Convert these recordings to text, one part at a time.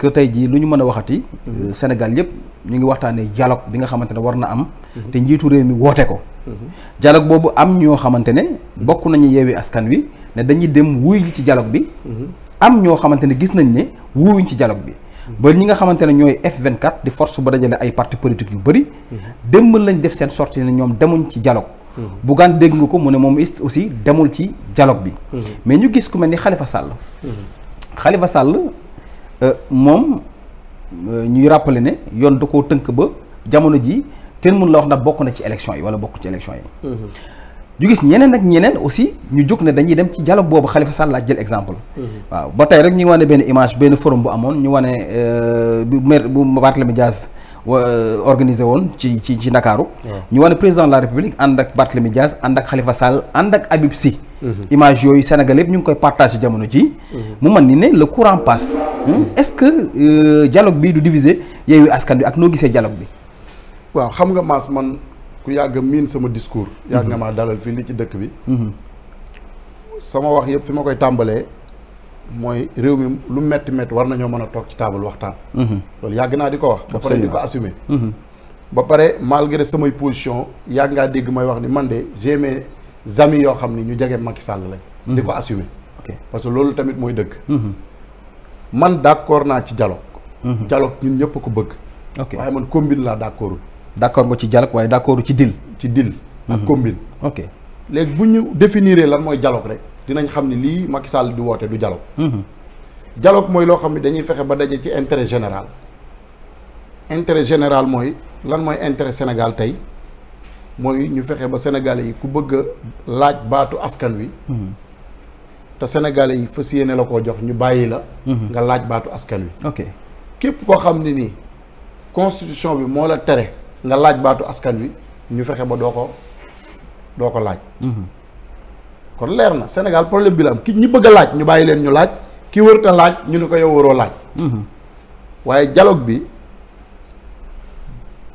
que tey jii lu ñu mën a waxati. Euh, Sénégal yëpp ñu ngi waxtaanee dialogue bi nga xamante ne war na am. te njiitu réew mi woote ko. dialogue boobu am ñoo xamante ne bokk nañu yeewi askan wi ne dañuy dem wuy ci dialogue bi. am ñoo xamante ne gis nañ ne wuuyuñ ci dialogue bi. ba ñi nga xamante ne ñooy F24 di force ba dajale ay parti politique yu bëri. démb lañ def seen sortie ne ñoom demuñ ci bu Bougane dégg nga ko mu ne moom it aussi demul ci dialogue bi. mais ñu gis ku mel ni Khalifa Sall. Khalifa Sall. Euh, moom euh, ñuy rappeler ne yoon du ko tënk ba jamono ji kenn mun la wax ndax bokk na ci élection yi wala bokk ci élection yi mm-hmm. ñu gis ñeneen ak ñeneen aussi ñu jóg ne dañuy dem ci dialogue boobu xalifa Sall laa jël exemple mm-hmm. waaw ba tey rek ñu wane benn image benn forum bu amoon ñu wane euh, bu maire bu Barthélemy Diaz organisé woon ci ci ci Ndakaaru ñu wane président la République ànd ak Barthélemy Diaz ànd ak Khalifa Sall ànd ak Habib Sy Mm-hmm. image yooyu Sénégal yëpp ñu ngi koy partagé jamono ji mm-hmm. mu man ni ne le courant passe mm-hmm. est-ce que euh, dialogue bi du diviser Yewwi Askan bi ak noo gisee dialogue bi waaw xam nga maas man ku yàgg miin sama discours yàgg nga maa dalal fii li ci dëkk bi sama wax yëpp fi ma koy tàmbalee mooy réew mi lu metti metti war nañoo mën a toog ci taabul waxtaan loolu yàgg naa di ko wax ba pare di ko assumer ba pare malgré samay position yàgg ngaa dégg may wax ni man de j'ai amis yoo xam ni ñu jege Macky Sall lañ. li ko assumer. parce que loolu tamit mooy dëgg. Mhm. man d'accord naa ci dialogue. Mhm. dialogue ñun ñëpp ko bëgg. ok waaye man combine laa d'accordul. d'accord nga ci dialogue waaye d'accordu ci dil. ci dil ak mhm. combine. ok léegi bu ñu définir lan mooy dialogue rek dinañ xam ni lii Macky Sall di woote du dialogue. dialogue mooy loo xam ne dañuy fexe ba daje ci intérêt général. intérêt général mooy lan mooy intére Sénégal tey. mooy ñu fexe ba sénégalais yi ku bëgg laaj baatu askan wi mhm. te sénégalais yi fas yéene la koo jox ñu bàyyi la mhm. nga laaj baatu askan wi ok képp koo xam ne nii constitution bi moo la tere nga laaj baatu askan wi ñu fexe ba doo ko doo ko laaj mhm. kon leer na senegal problème bi la am ki ñi bëgg laaj ñu bàyyi leen ñu laaj ki wër ta laaj ñu ne ko yow waroo laaj waaye dialogue bi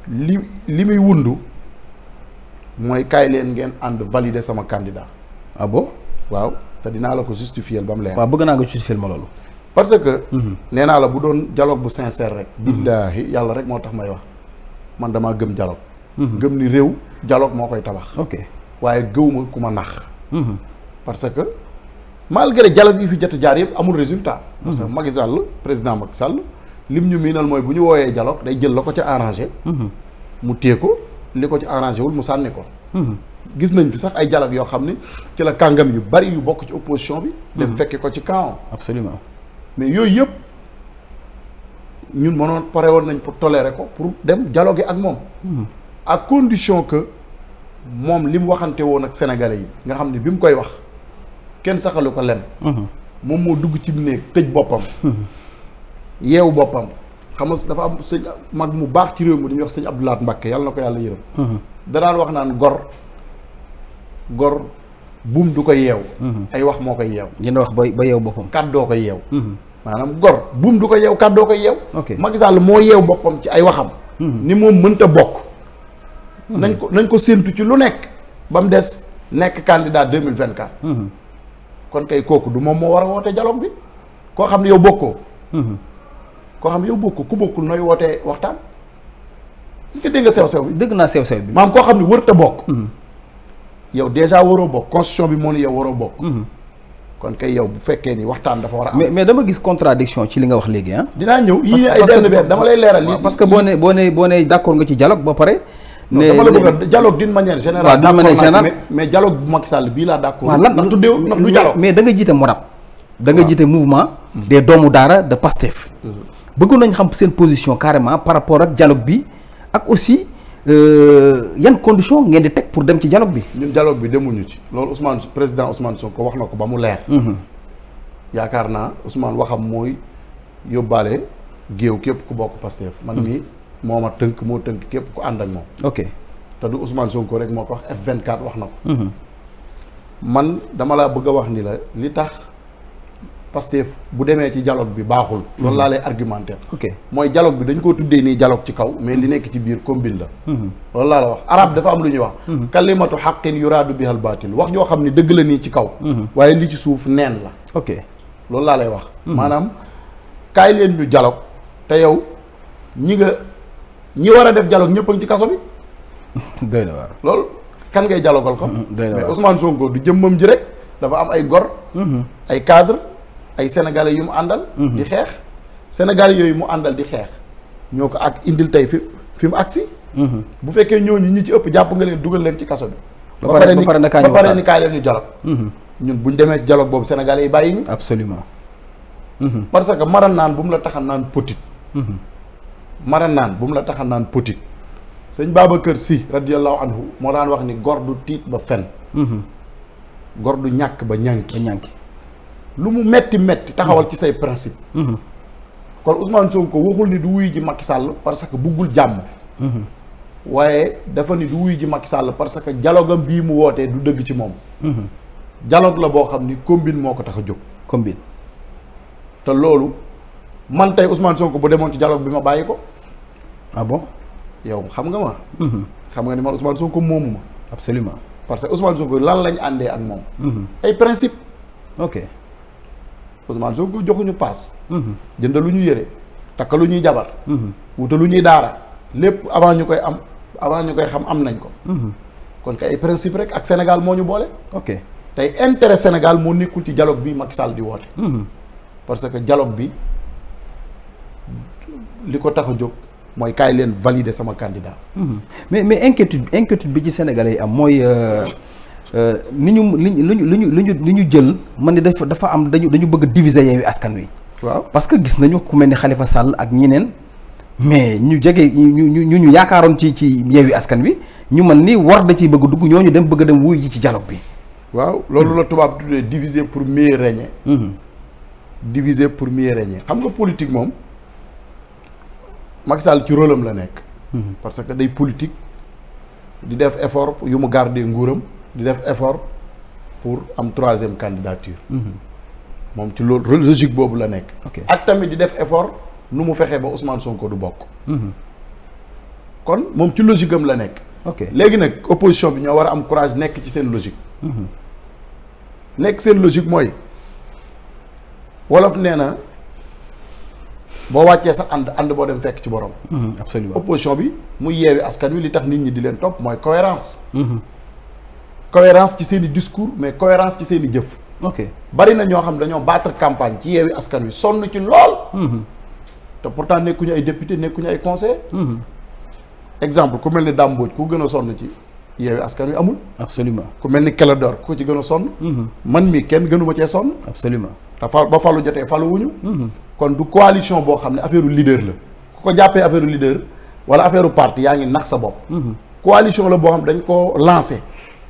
li li muy wundu mooy kaay leen ngeen ànd valider sama candidat. ah bon waaw te dinaa la ko justifier ba mu leer. waaw bëgg naa nga justifier ma loolu. parce que. Mhm. nee naa la bu doon dialogue bu sincère rek. billaahi yàlla rek moo tax may wax man damaa gëm dialogue. Mhm. gëm ni réew dialogue moo koy tabax. ok waaye gëwuma ku ma nax. Mhm. parce que malgré dialogue yi fi jot jaar yëpp amul résultat. parce que magis àll président Macky Sall lim ñu miinal mooy bu ñu wooyee dialogue day jël la ko ca arrangé. mu téye ko. li ko ci arrangé wul mu sànni ko. Mhm. gis nañ fi sax ay dialogue yoo xam ne ci la kàngam yu bari yu bokk ci opposition bi. Mhm. dem fekke ko ci camp. absolument mais yooyu yëpp ñun mënoon pare woon nañ pour tolérer ko pour dem gi ak moom. Mhm. à condition que moom li mu waxante woon ak sénégalais yi nga xam ne bi mu koy wax kenn saxalu ko lem. moom moo dugg ci néeg tëj boppam. yeewu boppam. xam nga dafa am sëñ mag mu baax ci réew mi dañuy wax sëñ Abdou Lahad Mbacke yàlla na ko yàlla yërëm. Uh-huh. danaan wax naan gor gor buum du ko yeew. Uh-huh. ay wax moo koy yeew. dina wax ba ba yeew boppam. kàddoo koy yeew. Uh-huh. maanaam gor buum du ko yeew kàddoo koy yeew. ok Macky Sall moo yeew boppam ci ay waxam. ni moom mënta bokk. nañ ko nañ ko séentu ci lu nekk ba mu des nekk candidat deux mille vingt quatre. kon kay kooku du moom moo war a woote dialogue bi koo xam ne yow bokkoo. koo xam yow bokk ku bokkul nooy wootee waxtaan est-ce que dégg nga naa sew sew bi. maam koo xam ne warut a bokk. Mm-hmm. yow déjà waroo bokk constitution bi moo ne yow waroo bokk. Mm-hmm. kon kay yow bu fekkee ni waxtaan dafa war a am. mais mais dama gis contradiction ci li nga wax léegi ah. dinaa ñëw yii ay benn benn lay leeral. lii parce que boo nee boo nee boo nee d'accord nga ci dialogue ba pare. ne dama la bëgg a dialogue d'une manière générale. waaw d'une manière générale mais dialogue bu Macky Sall bii laa d'accord. Mm-hmm. doomu daara de Pastef. bëggoon nañ xam seen position carrément par rapport ak dialogue bi ak aussi euh, yan condition ngeen di teg pour dem ci dialogue bi. ñun dialogue bi demuñu ci. loolu Ousmane président Ousmane ko wax na ko ba mu leer. Mhm. yaakaar naa Ousmane waxam mooy yóbbaale géew képp ku bokk Pastef. man mii mhm. moo ma tënk moo tënk képp ku ànd ak moom. ok te du Ousmane ko rek moo ko wax F24 wax na ko. Mhm. man dama laa bëgg a wax ni la li tax. Pastef bu demee ci dialogue bi baaxul loolu laa lay argumentaire ok mooy dialogue bi dañ koo tuddee nii dialogue ci kaw mais li nekk ci biir combine la mhm. loolu laa la wax arab dafa am lu ñuy wax mhm. kalimatu xaqin yuraadu bihal baatil wax joo xam ne dëgg la nii ci kaw mhm. waaye li ci suuf neen la ok loolu laa lay wax maanaam kaay leen ñu dialogue te yow ñi nga ñi war a def jaloog ñëpp a ci kaso bi doy na loolu kan ngay dialogal ko mais Ousmane Sonko du jëmmam ji rek dafa am ay gor ay cadre ay sénégalais yu mu àndal. Mhm. di xeex sénégalais yooyu mu àndal di xeex ñoo ko ak indil tey fi fi mu agsi mhm. bu fekkee ñooñu ñi ci ëpp jàpp nga leen dugal leen ci kaso bi. ba pare ni ba pare ni kaay leen ñu dialogue. Mhm. ñun bu ñu demee dialogue boobu sénégalais yi bàyyi ñu. absolument. parce que mara naan bu mu la taxa naan petit. mara naan bu mu la tax a naan petit. sëñ Babacar Sy radiyallahu anhu moo daan wax ni gor du tiit ba fen. gor du ñàkk ba ñànki ba ñànki. lu mu metti metti taxawal ci say principe mhm. kon Ousmane Sonko waxul ni du wuy ji mag sàll parce que buggul jàmm mhm. waaye dafa ni du wuy ji mag sàll parce que jaloogam bii mu wootee du dëgg ci moom mhm. dialogue la boo xam ni combine moo ko tax a jóg combine te loolu man tey Ousmane Sonko bu demoon ci dialogue bi ma bàyyi ko ah bon yow xam nga ma xam nga ni man Ousmane ko moomu ma absolument parce que Ousmane Sonko lan lañ àndee ak moom ay principe ok Ousmane Sonko joxuñu paas. Mhm. jënd lu ñu yëre takk lu ñuy jabar. Mhm. wuta lu ñuy daara lépp avant ñu koy am avant ñu koy xam am nañ ko. Mhm. kon kay ay principe rek ak Sénégal moo ñu boole. ok tey intere Sénégal moo nekkul ci dialogue bi Macky Sall di woote. parce que dialogue bi li ko tax a jóg. mooy kaay leen valider sama candidat. mais mais inquiétude inquiétude bi ci Sénégalais yi am mooy euh, Euh, ni ñu li ñu li ñu li ñu li ñu jël man ni dafa dafa am dañu dañu bëgg a diviser yeewi askan wi. waaw parce que gis nañu ku mel ni Khalifa sàll ak ñeneen mais ñu jege ñu ñu ñu ñu yaakaaroon ci ci yeewi askan wi ñu mën ni war da ciy bëgg dugg ñu dem bëgg dem wuy ji ci dialogue bi. waaw loolu la tubaab tuddee diviser pour mieux régner. Mhm. diviser pour mieux régner xam nga politique moom mag Sall ci rôle la nekk. Mhm. parce que day politique di def effort yu mu garder nguuram. di def effort pour am troisième candidature. Mhm. moom ci loolu logique boobu la nekk. ak tamit di def effort nu mu fexee ba Ousmane Sonko du bokk. Mhm. kon moom ci logique am la nekk. ok léegi nag opposition bi ñoo war a am courage nekk ci seen logique. Mhm. nekk seen logique mooy wolof nee na boo wàccee sa ànd ànd boo dem fekk ci borom. absolument opposition bi mu yeewi askan wi li tax nit ñi di leen topp mooy cohérence. cohérence ci seen i discours mais cohérence ci seen i jëf. ok bari na ñoo xam dañoo battre campagne ci yeewi askan wi sonn ci lool. Mm-hmm. te pourtant nekkuñu ay député nekkuñu ay conseil mm-hmm. exemple ku mel ni Dame Mbodj ku gën a sonn ci yeewi askan wi amul. absolument ku mel ni Clédor ku ci gën a sonn. Mm-hmm. man mii kenn gënuma cee sonn. absolument te fa ba falu jotee falu wuñu. kon du coalition boo xam ne affaire leader la ku ko jàppee affaire leader wala affaire parti yaa ngi nax sa bopp. coalition la boo xam dañ ko lancé.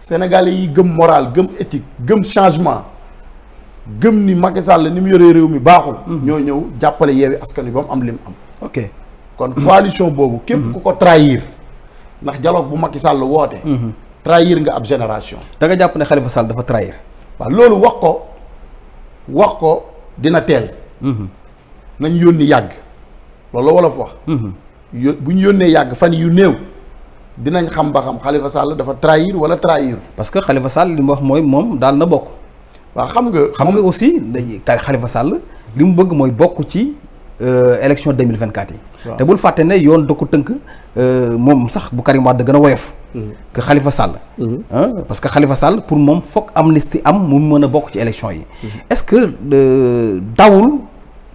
sénégalais yi gëm moral gëm éthique gëm changement gëm ni Macky Sall ni mu yoree réew mi baaxul. Mhm. ñoo ñëw jàppale yeewi askan wi ba mu am li mu am. ok kon coalition boobu. képp mhm. ku ko trahir ndax dialogue bu Macky Sall woote. Mhm. trahir nga ab génération. da nga jàpp ne Khalifa Sall dafa trahir. waaw loolu wax ko wax ko dina teel. nañu yónni yàgg loolu la wolof wax. bu ñu yónnee yàgg fan yu néew. dinañ xam ba xam Khalifa Sall dafa trahir wala trahir. parce que Khalifa Sall li mu wax mooy moom daal na bokk. waa xam nga. xam nga aussi dañuy Khalifa Sall li mu bëgg mooy bokk ci euh, élection 2024 yi. te bul fàtte ne yoon da ko tënk euh, moom sax bu Karim Wade gën a woyof. Mhm. que Khalifa Sall. Mhm. parce que xalifa sàll pour moom foog amnistie am mu mën a bokk ci élection yi. Mhm. est-ce que euh, dawul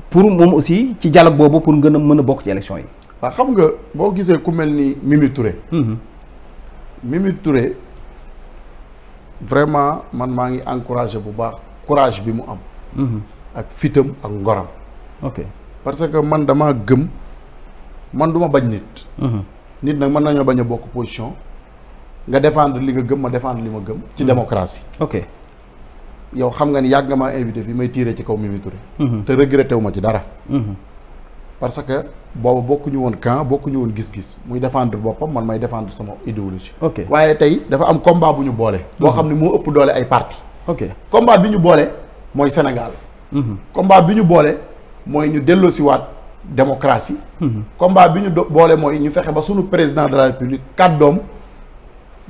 pour moom aussi ci dialogue boobu pour gën a mën a bokk ci élection yi. waaw xam nga boo gisee ku mel ni Mimi Touré. Mhm. Mimi Touré vraiment man maa ngi encouragé bu baax courage bi mu am. Mhm. ak fitam ak ngoram. ok parce que man damaa gëm man du ma bañ nit. Mhm. nit nag mën nañoo bañ a bokk position nga defendre li nga gëm ma défendre li ma gëm. ci démocratie. ok yow xam nga ni yàgg nga maa invité fii may tiire ci kaw Mimi te regretté wu ma ci dara. parce que boobu bokkuñu woon camp bokkuñu woon gis-gis muy défendre boppam man may défendre sama idéologie ok waaye tey dafa am combat bu ñu boole boo mhm. xam ne moo ëpp doole ay parti ok combat bi ñu boole mooy Sénégal mhm. combat bi ñu boole mooy ñu delloosiwaat démocratie mhm. combat bi ñu boole mooy ñu fexe ba sunu président de la république kàddoom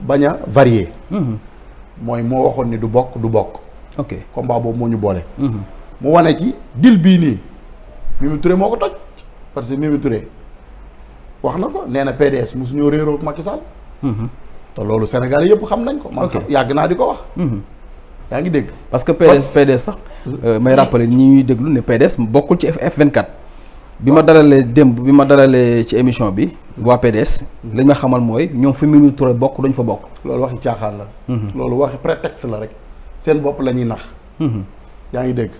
bañ a varier mooy moo waxoon ni du bokk du bokk ok combat boobu moo ñu boole mu wane ci dil bii nii Mimi Touré moo ko toj parce que Mimi Touré wax na ko nee na PDS mosu ñoo réeroo ak Macky Sall. Mhm. te loolu Sénégal yëpp xam nañ ko. man yàgg naa di ko wax. Mhm. yaa ngi dégg. parce que PDS PDS sax. Hmm. Euh, may rappeler ñi ñuy déglu ne PDS bokkul ci F24. bi ma dalalee démb bi ma dalalee ci émission bi. waa PDS. Hmm. lañ ma xamal mooy ñoom fi Mimi Touré bokk dañ fa bokk. loolu waxi caaxaan la. Hmm. loolu waxi prétexte la rek. seen bopp la ñuy nax. yaa ngi dégg.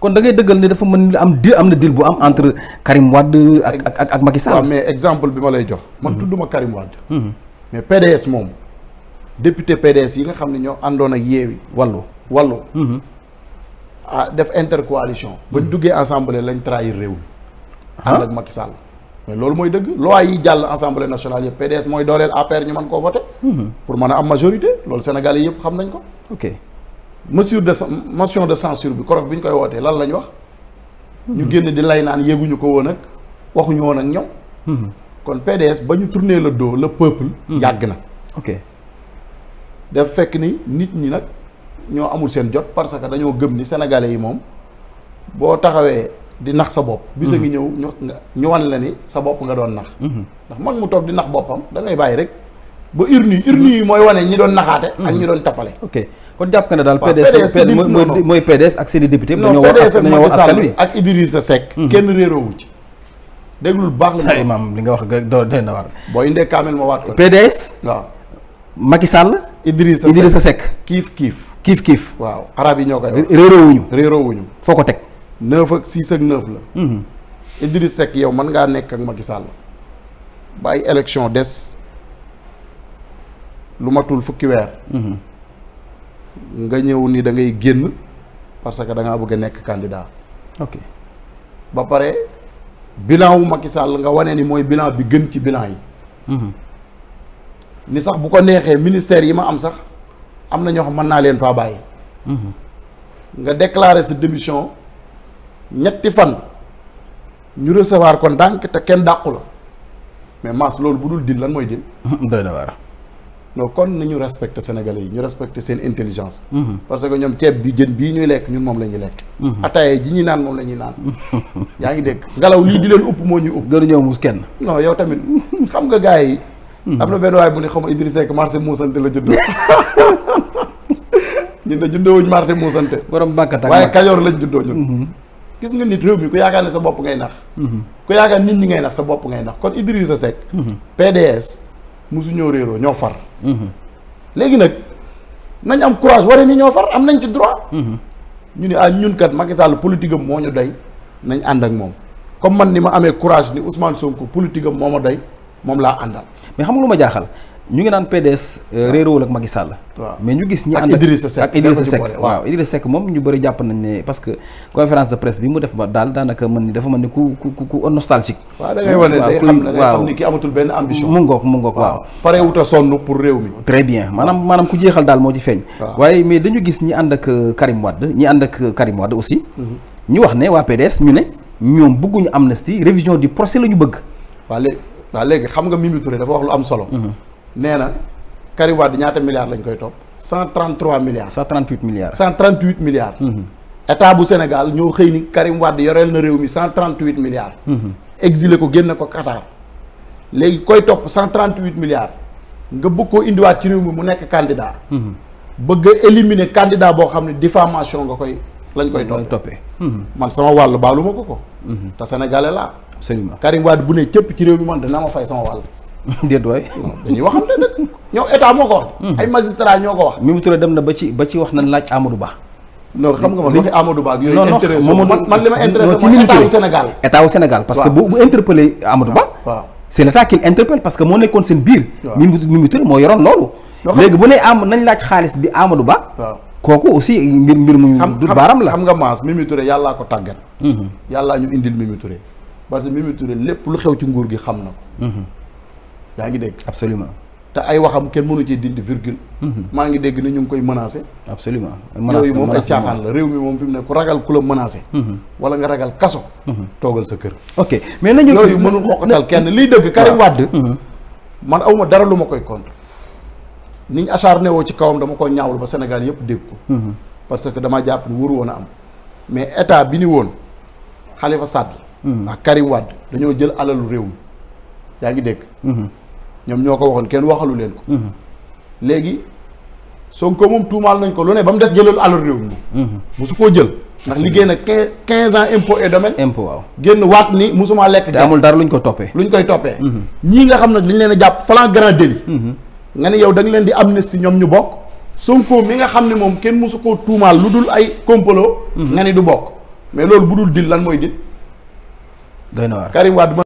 kon da ngay dëggal ne dafa mën am di am na dil bu am entre Karim Wade ak ak ak Macky Sall. mais exemple bi ma lay jox. man mhm. tudduma Karim Wade. Mhm. mais PDS moom député PDS yi nga xam ne ñoo àndoon ak Yewwi. Wallu Wallu. Mhm. ah def intercoalition. bañ duggee assemblée lañ trahir réew mi. Ah. ànd ak Macky Sall. mais loolu mooy dëgg loi yi jàll assemblée nationale yëpp PDS mooy dooleel APR ñu mën koo voté. pour mën a am majorité loolu Sénégalais yëpp xam nañ ko. mesure de motion de censure bi koroog bi ñu koy wootee lan lañ wax ñu génn di lay naan yéeguñu ko woon ak waxuñu woon ak ñoom mhm. kon PDS ba ñu tourner le dos le peuple mhm. yàgg na ok daf fekk ni nit ñi nag ñoo amul seen jot parce que dañoo gëm ni sénégalais yi moom boo taxawee di nax sa bopp bisa mhm. ngi ñëw ñu ñu wan la ni sa bopp nga doon nax ndax man mu toog di nax boppam da ngay bàyyi rek ba urne yi yi mooy wane ñi doon naxaate ak ñi hmm. doon tappale ok kon jàpp nga ne daal PDS mooy PDS ak seen i député dañoo war dañoo war askan bi ak Idrissa Seck hmm. kenn réeroowu ci déglul baax la imam li nga wax do doy na war boo indee kaamel ma waat ko PDS waaw Macky Sall Idrissa kiif kiif kiif kiif waaw arab yi ñoo koy réeroowuñu réeroowuñu foo ko teg neuf ak six ak neuf la hmm. Idrissa Seck yow man ngaa nekk ak Macky Sall ba des lu matul fukki weer. Mhm. nga ñëw nii da ngay génn parce que da ngaa bëgg a nekk candidat. ok ba pare billan wu Macky sàll nga wane ni mooy bilan bi gën ci bilan yi. Mhm. ni sax bu ko neexee ministère yi ma am sax am na ñoo xam mën naa leen faa bàyyi. Mhm. nga déclarer sa démission ñetti fan ñu recevoir ko ndànk te kenn dàqu la mais Mass loolu bu dul dil lan mooy dil. doy na waar. non kon nañu respecté sénégalais yi ñu respecté seen intelligence mm-hmm. parce que ñoom ceeb bi jën bi ñuy lekk ñun moom lañuy ñuy lekk mm-hmm. ataaya ji ñuy naan moom la ñuy naan yaa ngi dégg ngelaw lii di leen upp moo ñuy upp dara ñëw moos kenn non yow tamit xam nga gars yi mm-hmm. am na benn waay bu ne xaw ma Idrissa Seck marché muusante la juddoo ñun de juddoo wuñ marché muusante borom bàkkat ak waaye kajoor lañ juddoo ñun gis nga nit réew mi ku yaakaar ne sa bopp ngay nax ku yaakaar nit ñi ngay nax sa bopp ngay nax kon Idrissa Seck PDS musu ñoo réeroo ñoo far. Mhm. léegi nag nañ am courage waree ni ñoo far am nañ ci droit. Mhm. ñu ne ah ñun kat Macky Sall politique am moo ñu doy nañ ànd ak moom comme man ni ma amee courage ni Ousmane Sonko politique am moo ma doy moom laa àndal. mais xam nga lu ma jaaxal. ñu ngi naan PDS euh, réeróowul ak Macky mais ñu gis ñi ànd ak Idrissa Seck waaw Idrissa Seck moom ñu bëri jàpp nañ ne parce que conférence de presse bi mu def ba daal daanaka mën ni dafa mën ni ku ku ku nostalgique waaw da benn ambition mu ngoog pour réew mi très bien maanaam maanaam ku jeexal daal moo ci feeñ waaye mais dañu gis ñi ànd ak euh, Karim Wade ñi ànd ak euh, Karim aussi mhm. ñu wax ne waa PDS ñu ne ñoom bëgguñu amnistie révision du procès la ñu bëgg waaw léegi waaw léegi xam nga Mimi Touré dafa wax lu am solo mhm. nee na Karim Wade ñaata milliards lañ koy topp. 133 milliards. 138 milliards. 138 milliards. Mhm. état bu Sénégal ñoo xëy ni Karim Wade yoreel na réew mi cent 138 milliards. Mhm. exilé ko génne ko Qatar. léegi koy topp 138 milliards nga bëgg koo indiwaat ci réew mi mu nekk candidat. Mhm. bëgg a éliminer candidat boo xam ne diffamation nga koy. lañ koy toppee man sama wàll baalu ma ko ko. te sénégalais laa. absolument Karim bu ne cëpp ci réew mi man dana ma fay sama wàll. déet waay dañuy waxante nag ñoom état moo ko wax. Hmm. ay magistrat ñoo ko wax. Mimi dem na ba ci ba ci wax nañ laaj Amadou Ba. non xam nga man waxi Amadou Ba ak yooyu. intéressé man man li ma intéressé mooy état wu loolu. léegi bu ne am nañ laaj xaalis bi Amadou Ba. waaw kooku aussi mbir mbir mu. du baaram la xam nga maas Mimi yàllaa ko tàggat. Mhm. yàllaa ñu indil Mimi Touré parce que Mimi Touré lépp lu xew ci nguur gi xam na ko mhm. yaa ngi dégg. absolument te ay waxam kenn mënu ci dindi virgule. Mhm. maa ngi dégg ni ñu ngi koy menacé. absolument menace yooyu moom ay caaxaan la réew mi moom fi mu ne ku ragal ku la menacé. Mhm. wala nga ragal kaso. Mhm. toogal sa kër. ok mais nañu yooyu mënul xoqatal kenn liy dëgg Karim Wade. man awma dara lu ma koy contre. ni ñu acharné woo ci kawam dama ko ñaawul ba Sénégal yëpp dégg ko. parce que dama jàpp ni wóoru woon a am. mais état bi ni woon xale Sall. ak Karim Wade dañoo jël alalu réew yaa ngi dégg. Mhm. ñoom ñoo ko waxoon kenn waxalu leen ko. Mhm. léegi Sonko moom tuumaal nañ ko lu ne ba mu des jëlal alal réew mi. musu mhm. koo jël. ndax liggéey na quinze quinze ans impôt et domaine. impôt waaw génn waat ni musuma lekk. te amul dara luñ ko toppee. lu ñu koy toppee. ñii nga xam nag dañ leen a jàpp flagrant grand délit. nga ne yow da leen di amnistie ñoom ñu bokk. Sonko mi nga xam ne moom kenn musu koo tuumaal lu dul ay complot. nga ni du bokk mais loolu bu dul lan mooy dil.